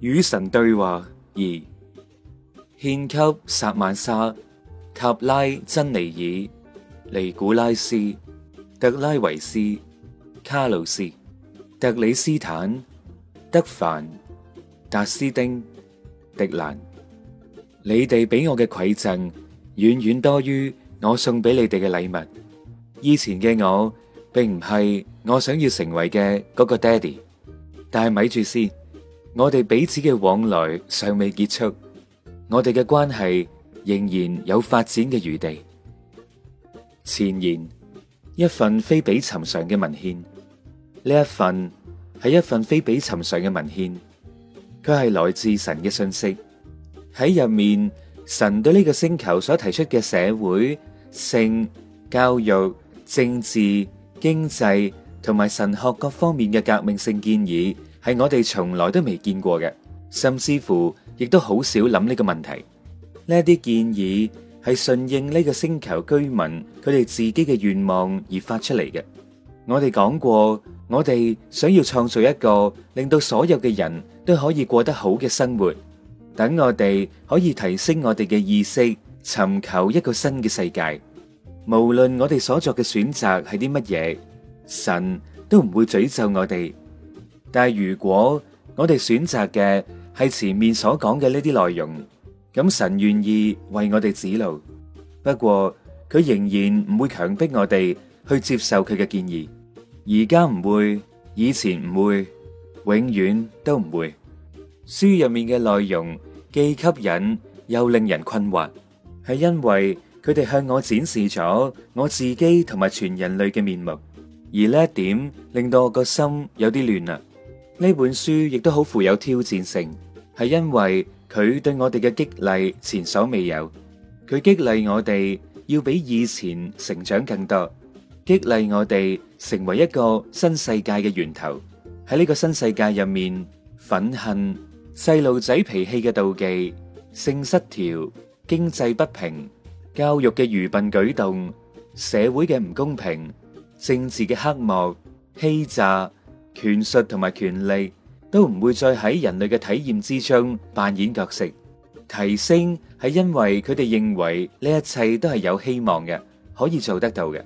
與神對話二，獻給薩曼莎、塔拉、珍尼爾、尼古拉斯、特拉維斯、卡魯斯、特里斯坦、德凡、達斯丁、迪蘭。你哋俾我嘅饋贈，遠遠多於我送俾你哋嘅禮物。以前嘅我，並唔係我想要成為嘅嗰個爹哋，但係咪住先？我哋彼此嘅往來尚未結束，我哋嘅關係仍然有發展嘅餘地。前言：一份非比尋常嘅文獻，呢一份係一份非比尋常嘅文獻，佢係來自神嘅信息。喺入面，神對呢個星球所提出嘅社會、性、教育、政治、經濟同埋神學各方面嘅革命性建議。係我哋從來都未見過嘅，甚至乎亦都好少諗呢個問題。呢啲建議係順應呢個星球居民佢哋自己嘅願望而發出嚟嘅。我哋講過，我哋想要創造一個令到所有嘅人都可以過得好嘅生活，等我哋可以提升我哋嘅意識，尋求一個新嘅世界。無論我哋所作嘅選擇係啲乜嘢，神都唔會詛咒我哋。但係，如果我哋選擇嘅係前面所講嘅呢啲內容，咁神願意為我哋指路。不過佢仍然唔會強迫我哋去接受佢嘅建議。而家唔會，以前唔會，永遠都唔會。書入面嘅內容既吸引又令人困惑，係因為佢哋向我展示咗我自己同埋全人類嘅面目，而呢一點令到我個心有啲亂啊。呢本書亦都好富有挑戰性，係因為佢對我哋嘅激勵前所未有。佢激勵我哋要比以前成長更多，激勵我哋成為一個新世界嘅源頭。喺呢個新世界入面，憤恨、細路仔脾氣嘅妒忌、性失調、經濟不平、教育嘅愚笨舉動、社會嘅唔公平、政治嘅黑幕、欺詐。權術同埋權力都唔會再喺人類嘅體驗之中扮演角色。提升係因為佢哋認為呢一切都係有希望嘅，可以做得到嘅。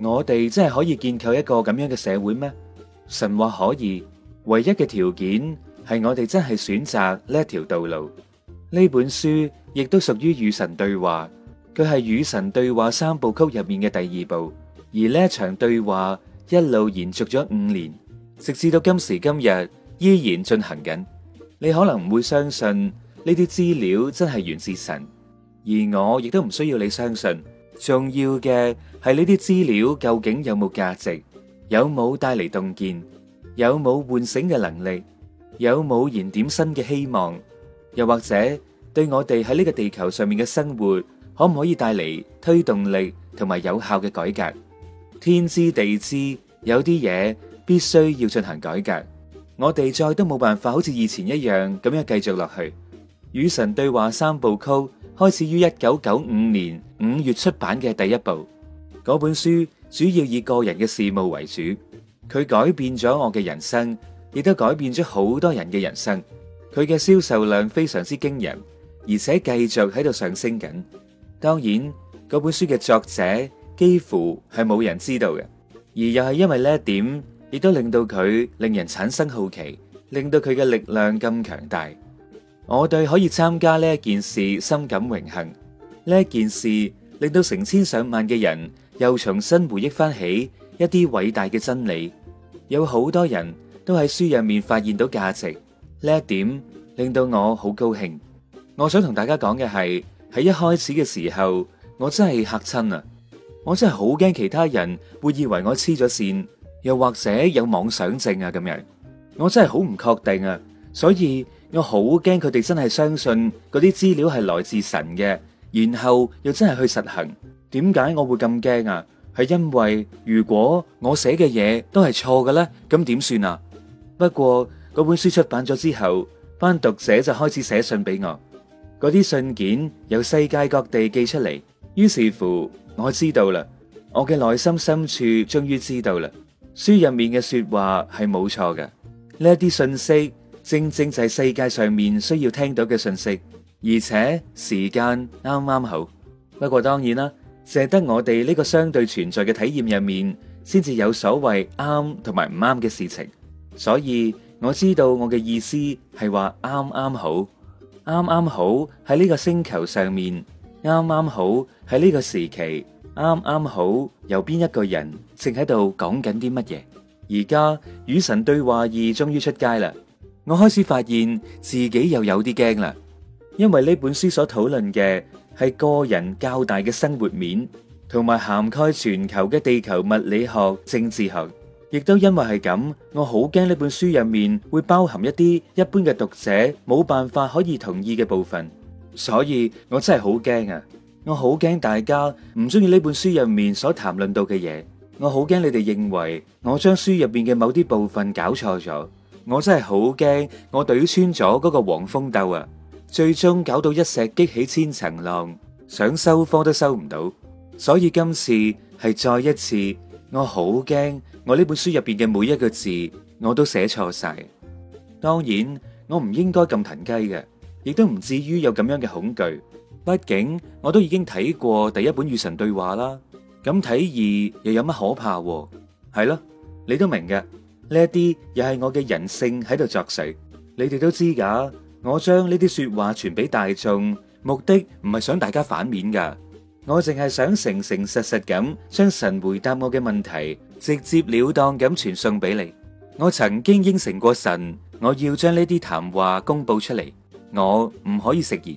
我哋真係可以建構一個咁樣嘅社會咩？神話可以，唯一嘅條件係我哋真係選擇呢一條道路。呢本書亦都屬於與神對話，佢係與神對話三部曲入面嘅第二部。而呢一場對話一路延續咗五年。直至到今時今日，依然進行緊。你可能唔會相信呢啲資料真係源自神，而我亦都唔需要你相信。重要嘅係呢啲資料究竟有冇價值，有冇帶嚟洞見，有冇喚醒嘅能力，有冇燃點新嘅希望，又或者對我哋喺呢個地球上面嘅生活，可唔可以帶嚟推動力同埋有效嘅改革？天知地知，有啲嘢，必須要進行改革，我哋再都冇辦法好似以前一樣咁樣繼續落去。與神對話三部曲開始於一九九五年五月出版嘅第一部。嗰本書主要以個人嘅事務為主。佢改變咗我嘅人生，亦都改變咗好多人嘅人生。佢嘅銷售量非常之驚人，而且繼續喺度上升緊。當然，嗰本書嘅作者幾乎係冇人知道嘅，而又係因為呢一點。亦都令到佢令人產生好奇，令到佢嘅力量咁強大。我對可以參加呢一件事深感榮幸。呢一件事令到成千上萬嘅人又重新回憶翻起一啲偉大嘅真理。有好多人都喺書入面發現到價值，呢一點令到我好高興。我想同大家講嘅係喺一開始嘅時候，我真係吓親啊！我真係好驚其他人會以為我黐咗線。又或者有妄想症啊，咁樣我真係好唔確定啊，所以我好驚佢哋真係相信嗰啲資料係來自神嘅，然後又真係去實行。點解我會咁驚啊？係因為如果我寫嘅嘢都係錯嘅咧，咁點算啊？不過嗰本書出版咗之後，班讀者就開始寫信俾我，嗰啲信件由世界各地寄出嚟，於是乎我知道啦，我嘅內心深處終於知道啦。書入面嘅說話係冇錯嘅，呢一啲信息正正就係世界上面需要聽到嘅信息，而且時間啱啱好。不過當然啦，淨得我哋呢個相對存在嘅體驗入面，先至有所謂啱同埋唔啱嘅事情。所以我知道我嘅意思係話啱啱好，啱啱好喺呢個星球上面，啱啱好喺呢個時期。啱啱好，由邊一個人正喺度講緊啲乜嘢？而家與神對話二終於出街啦！我開始發現自己又有啲驚啦，因為呢本書所討論嘅係個人較大嘅生活面，同埋涵蓋全球嘅地球物理學、政治學，亦都因為係咁，我好驚呢本書入面會包含一啲一般嘅讀者冇辦法可以同意嘅部分，所以我真係好驚啊！我好驚大家唔中意呢本書入面所談論到嘅嘢，我好驚你哋認為我將書入邊嘅某啲部分搞錯咗，我真係好驚我篤穿咗嗰個黃蜂竇啊！最終搞到一石激起千層浪，想收科都收唔到，所以今次係再一次，我好驚我呢本書入邊嘅每一個字我都寫錯晒。當然我唔應該咁騰雞嘅，亦都唔至於有咁樣嘅恐懼。畢竟我都已經睇過第一本與神對話啦，咁睇二又有乜可怕？係咯，你都明嘅。呢一啲又係我嘅人性喺度作祟。你哋都知噶，我將呢啲說話傳俾大眾，目的唔係想大家反面噶，我淨係想誠誠實實咁將神回答我嘅問題，直接了當咁傳送俾你。我曾經應承過神，我要將呢啲談話公布出嚟，我唔可以食言。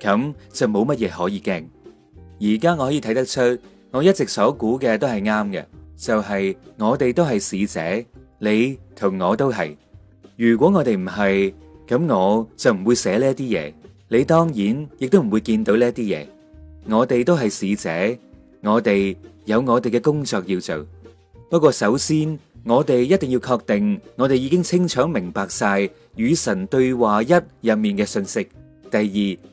咁就冇乜嘢可以驚。而家我可以睇得出，我一直所估嘅都係啱嘅，就係我哋都係使者，你同我都係。如果我哋唔係，咁我就唔會寫呢一啲嘢，你當然亦都唔會見到呢一啲嘢。我哋都係使者，我哋有我哋嘅工作要做。不過首先，我哋一定要確定，我哋已經清楚明白晒與神對話一入面嘅信息。第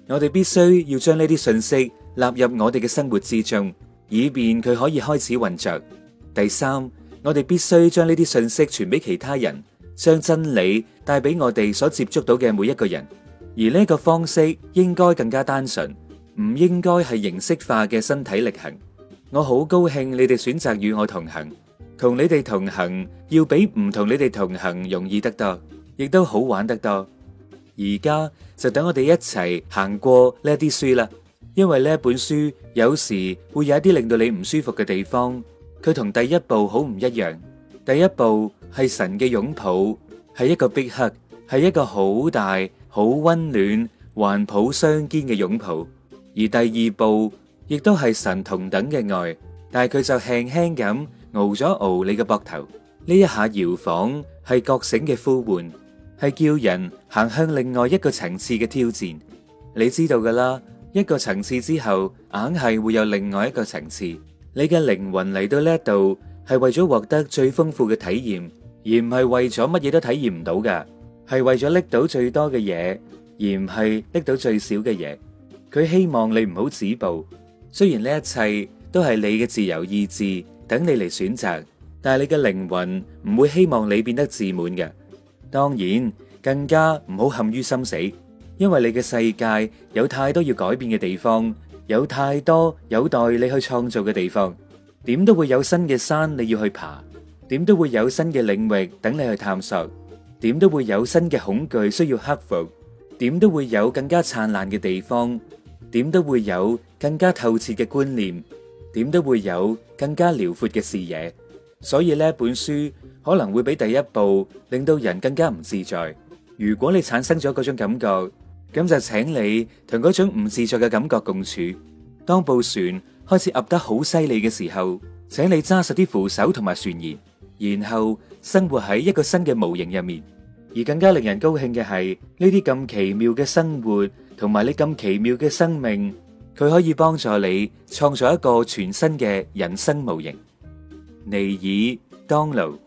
二，我哋必須要將呢啲信息納入我哋嘅生活之中，以便佢可以開始運作。第三，我哋必須將呢啲信息傳俾其他人，將真理帶俾我哋所接觸到嘅每一個人。而呢個方式應該更加單純，唔應該係形式化嘅身體力行。我好高興你哋選擇與我同行，同你哋同行要比唔同你哋同行容易得多，亦都好玩得多。而家。就等我哋一齊行過呢啲書啦，因為呢本書有時會有一啲令到你唔舒服嘅地方，佢同第一部好唔一樣。第一部係神嘅擁抱，係一個逼刻，係一個好大好溫暖環抱雙肩嘅擁抱；而第二部亦都係神同等嘅愛，但係佢就輕輕咁熬咗熬你嘅膊頭，呢一下搖晃係覺醒嘅呼喚。係叫人行向另外一個層次嘅挑戰，你知道噶啦，一個層次之後硬係會有另外一個層次。你嘅靈魂嚟到呢度，係為咗獲得最豐富嘅體驗，而唔係為咗乜嘢都體驗唔到嘅，係為咗拎到最多嘅嘢，而唔係拎到最少嘅嘢。佢希望你唔好止步，雖然呢一切都係你嘅自由意志，等你嚟選擇，但係你嘅靈魂唔會希望你變得自滿嘅。當然，更加唔好陷於心死，因為你嘅世界有太多要改變嘅地方，有太多有待你去創造嘅地方，點都會有新嘅山你要去爬，點都會有新嘅領域等你去探索，點都會有新嘅恐懼需要克服，點都會有更加燦爛嘅地方，點都會有更加透徹嘅觀念，點都會有更加遼闊嘅視野，所以呢本書，可能會比第一步令到人更加唔自在。如果你產生咗嗰種感覺，咁就請你同嗰種唔自在嘅感覺共處。當部船開始壓得好犀利嘅時候，請你揸實啲扶手同埋船沿，然後生活喺一個新嘅模型入面。而更加令人高興嘅係呢啲咁奇妙嘅生活，同埋你咁奇妙嘅生命，佢可以幫助你創造一個全新嘅人生模型。尼爾·當勞。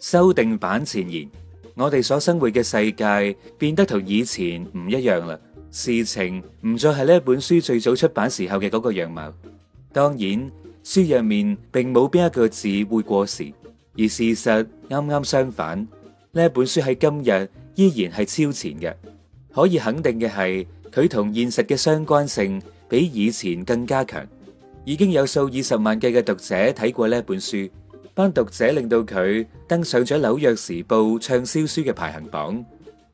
修訂版前言，我哋所生活嘅世界變得同以前唔一樣啦。事情唔再係呢本書最早出版時候嘅嗰個樣貌。當然，書入面並冇邊一個字會過時，而事實啱啱相反。呢本書喺今日依然係超前嘅。可以肯定嘅係，佢同現實嘅相關性比以前更加強。已經有數以十萬計嘅讀者睇過呢本書。班讀者令到佢登上咗《紐約時報》暢銷書嘅排行榜。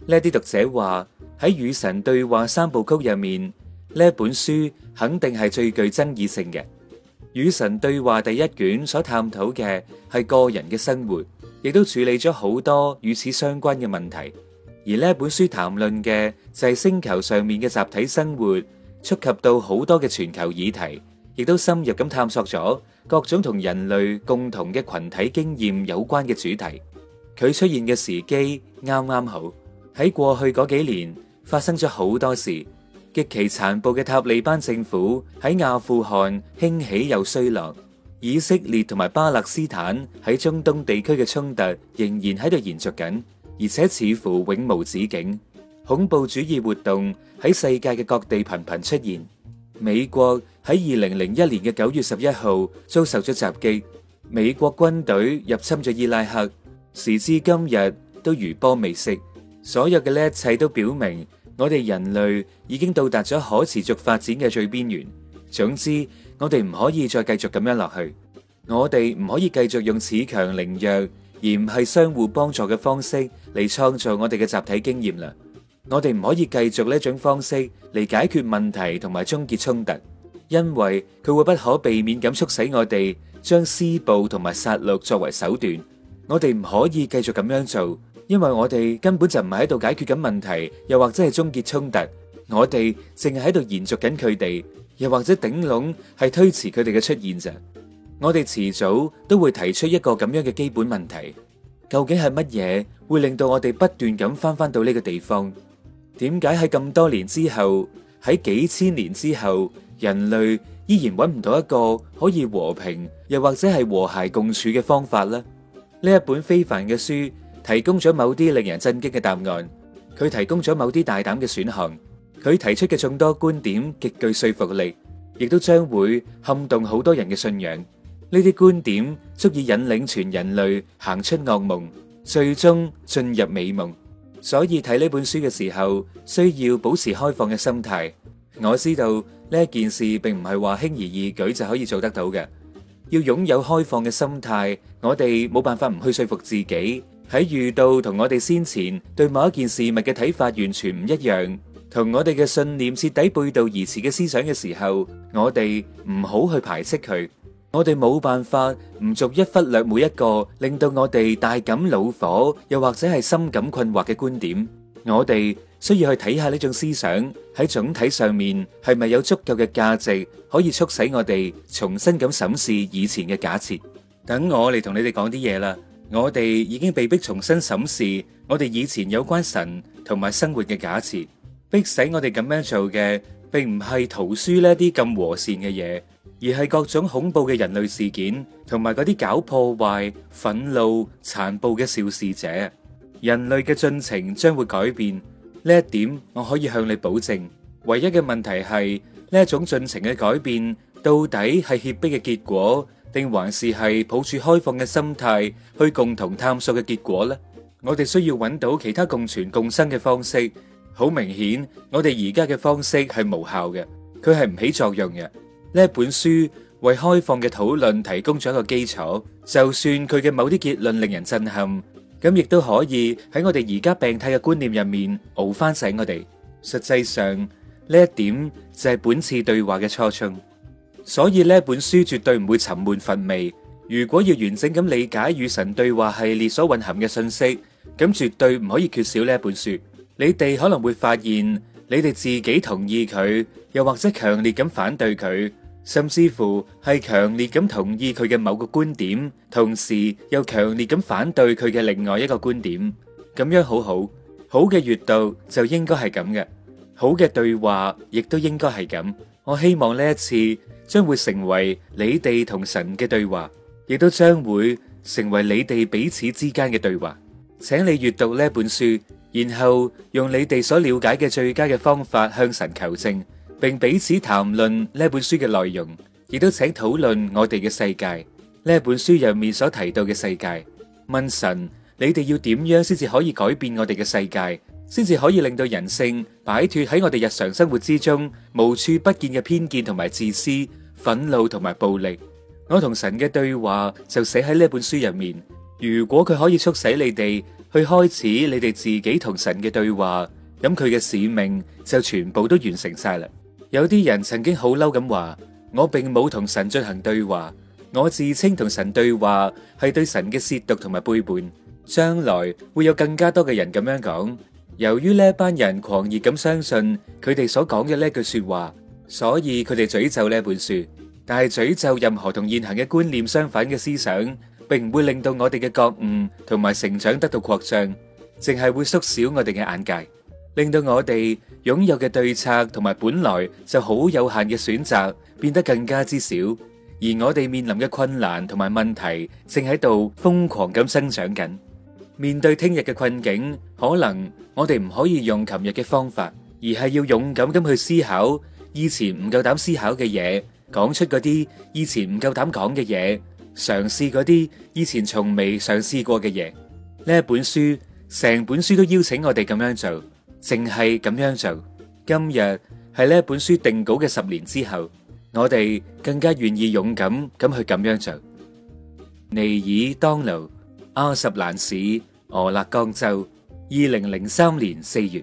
呢啲讀者話，喺《與神對話》三部曲入面，呢本書肯定係最具爭議性嘅。《與神對話》第一卷所探討嘅係個人嘅生活，亦都處理咗好多與此相關嘅問題。而呢本書談論嘅就係星球上面嘅集體生活，觸及到好多嘅全球議題。亦都深入咁探索咗各種同人類共同嘅群體經驗有關嘅主題。佢出現嘅時機啱啱好，喺過去嗰幾年發生咗好多事，極其殘暴嘅塔利班政府喺阿富汗興起又衰落，以色列同埋巴勒斯坦喺中東地區嘅衝突仍然喺度延續緊，而且似乎永無止境。恐怖主義活動喺世界嘅各地頻頻出現，美國喺二零零一年嘅九月十一號遭受咗襲擊，美國軍隊入侵咗伊拉克，時至今日都餘波未息。所有嘅呢一切都表明，我哋人類已經到達咗可持續發展嘅最邊緣。總之，我哋唔可以再繼續咁樣落去，我哋唔可以繼續用恃強凌弱而唔係相互幫助嘅方式嚟創造我哋嘅集體經驗啦。我哋唔可以繼續呢種方式嚟解決問題同埋終結衝突。因為佢會不可避免咁促使我哋將施暴同埋殺戮作為手段，我哋唔可以繼續咁樣做，因為我哋根本就唔係喺度解決緊問題，又或者係終結衝突，我哋淨係喺度延續緊佢哋，又或者頂籠係推遲佢哋嘅出現咋。我哋遲早都會提出一個咁樣嘅基本問題：究竟係乜嘢會令到我哋不斷咁翻翻到呢個地方？點解喺咁多年之後，喺幾千年之後？人類依然揾唔到一個可以和平又或者係和諧共處嘅方法啦。呢一本非凡嘅書提供咗某啲令人震驚嘅答案，佢提供咗某啲大膽嘅選項，佢提出嘅眾多觀點極具說服力，亦都將會撼動好多人嘅信仰。呢啲觀點足以引領全人類行出噩夢，最終進入美夢。所以睇呢本書嘅時候，需要保持開放嘅心態。我知道。呢一件事並唔係話輕而易舉就可以做得到嘅，要擁有開放嘅心態。我哋冇辦法唔去說服自己，喺遇到同我哋先前對某一件事物嘅睇法完全唔一樣，同我哋嘅信念徹底背道而馳嘅思想嘅時候，我哋唔好去排斥佢。我哋冇辦法唔逐一忽略每一個令到我哋大感惱火，又或者係深感困惑嘅觀點。我哋。需要去睇下呢種思想喺總體上面係咪有足夠嘅價值，可以促使我哋重新咁審視以前嘅假設。等我嚟同你哋講啲嘢啦，我哋已經被迫重新審視我哋以前有關神同埋生活嘅假設，迫使我哋咁樣做嘅，並唔係圖書呢一啲咁和善嘅嘢，而係各種恐怖嘅人類事件同埋嗰啲搞破壞、憤怒、殘暴嘅肇事者。人類嘅進程將會改變。呢一點我可以向你保證，唯一嘅問題係呢一種進程嘅改變到底係脅迫嘅結果，定還是係抱住開放嘅心態去共同探索嘅結果呢？我哋需要揾到其他共存共生嘅方式。好明顯，我哋而家嘅方式係無效嘅，佢係唔起作用嘅。呢本書為開放嘅討論提供咗一個基礎，就算佢嘅某啲結論令人震撼。咁亦都可以喺我哋而家病態嘅觀念入面熬翻醒我哋。實際上，呢一點就係本次對話嘅初衷。所以呢本書絕對唔會沉悶乏味。如果要完整咁理解與神對話系列所蘊含嘅信息，咁絕對唔可以缺少呢本書。你哋可能會發現，你哋自己同意佢，又或者強烈咁反對佢。甚至乎係強烈咁同意佢嘅某個觀點，同時又強烈咁反對佢嘅另外一個觀點，咁樣好好，好嘅閱讀就應該係咁嘅，好嘅對話亦都應該係咁。我希望呢一次將會成為你哋同神嘅對話，亦都將會成為你哋彼此之間嘅對話。請你閱讀呢一本書，然後用你哋所了解嘅最佳嘅方法向神求證。並彼此談論呢一本書嘅內容，亦都請討論我哋嘅世界。呢一本書入面所提到嘅世界，問神你哋要點樣先至可以改變我哋嘅世界，先至可以令到人性擺脫喺我哋日常生活之中無處不見嘅偏見同埋自私、憤怒同埋暴力。我同神嘅對話就寫喺呢一本書入面。如果佢可以促使你哋去開始你哋自己同神嘅對話，咁佢嘅使命就全部都完成晒啦。有啲人曾經好嬲咁話，我並冇同神進行對話，我自稱同神對話係對神嘅褻瀆同埋背叛。將來會有更加多嘅人咁樣講。由於呢一班人狂熱咁相信佢哋所講嘅呢一句說話，所以佢哋詛咒呢一本書。但係詛咒任何同現行嘅觀念相反嘅思想，並唔會令到我哋嘅覺悟同埋成長得到擴張，淨係會縮小我哋嘅眼界。令到我哋擁有嘅對策同埋本來就好有限嘅選擇，變得更加之少。而我哋面臨嘅困難同埋問題，正喺度瘋狂咁生長緊。面對聽日嘅困境，可能我哋唔可以用琴日嘅方法，而係要勇敢咁去思考以前唔夠膽思考嘅嘢，講出嗰啲以前唔夠膽講嘅嘢，嘗試嗰啲以前從未嘗試過嘅嘢。呢一本書，成本書都邀請我哋咁樣做。淨係咁樣做。今日係呢一本書定稿嘅十年之後，我哋更加願意勇敢咁去咁樣做。尼爾當奴，阿什蘭市，俄勒岡州，二零零三年四月。